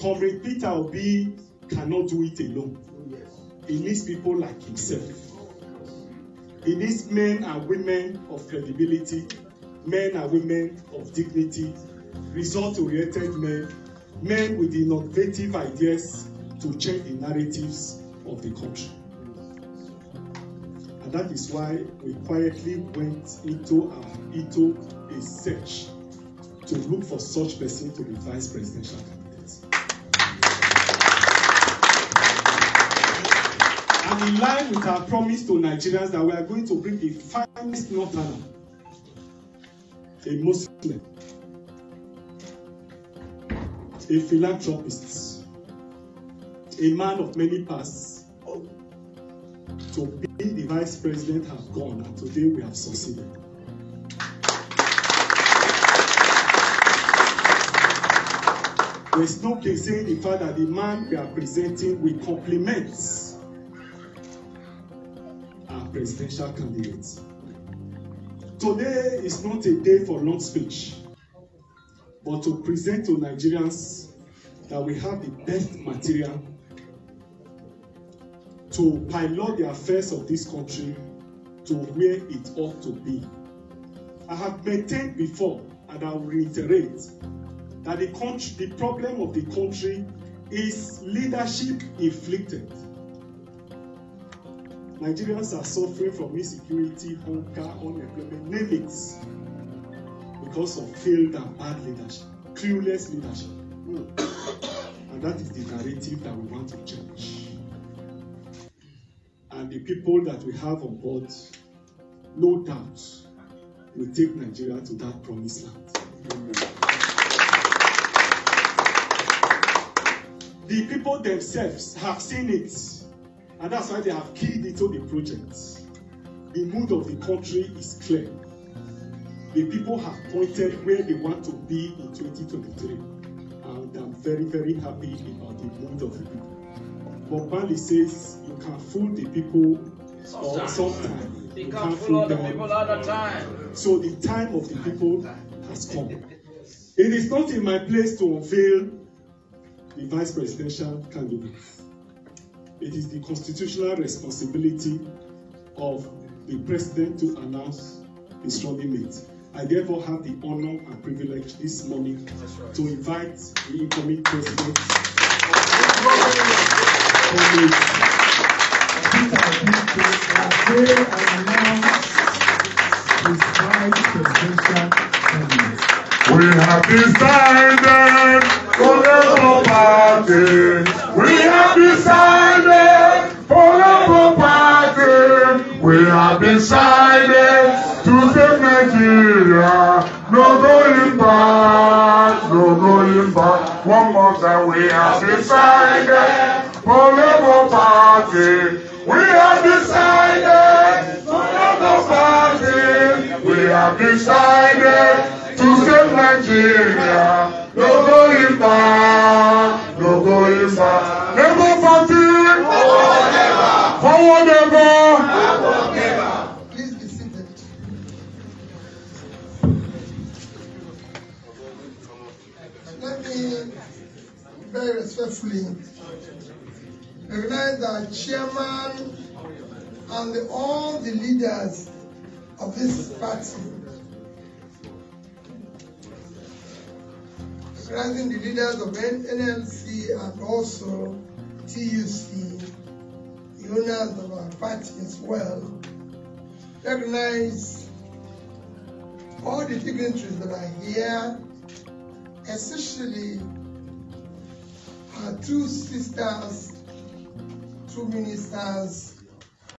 Comrade Peter Obi cannot do it alone. He needs people like himself. He needs men and women of credibility, men and women of dignity, result oriented men, men with innovative ideas to change the narratives of the country. And that is why we quietly went into, our, into a search to look for such person to the vice presidential And in line with our promise to Nigerians that we are going to bring the finest northerner, a Muslim, a philanthropist, a man of many pasts, to be the vice president have gone, and today we have succeeded. There's no saying the fact that the man we are presenting will complement presidential candidates. Today is not a day for long speech, but to present to Nigerians that we have the best material to pilot the affairs of this country to where it ought to be. I have maintained before, and I will reiterate, that the, country, the problem of the country is leadership inflicted. Nigerians are suffering from insecurity, hunger, unemployment, name it, because of failed and bad leadership, clueless leadership. Mm. and that is the narrative that we want to change. And the people that we have on board, no doubt, will take Nigeria to that promised land. The people themselves have seen it. And that's why they have keyed into the project. The mood of the country is clear. The people have pointed where they want to be in 2023. And I'm very, very happy about the mood of the people. But Bali says you can fool the people sometimes. sometimes. You, you can't, fool, fool the people all the time. So the time of the people has come. it is not in my place to unveil the vice presidential candidate. It is the constitutional responsibility of the president to announce his running mate. I therefore have the honor and privilege this morning right. to invite the incoming president We have decided for the party. We have decided to save Nigeria. No going back, no going back. One more time, we have decided. silent for Labour Party. We have decided. silent for Labour Party. We have decided to save Nigeria. No going back, no going back. Labour Party. Oh, yeah. However, Please be seated. Let me very respectfully recognize the chairman and the, all the leaders of this party. Recognizing the leaders of NLC and also TUC rulers of our parties well, recognize all the dignitaries that are here, especially our two sisters, two ministers,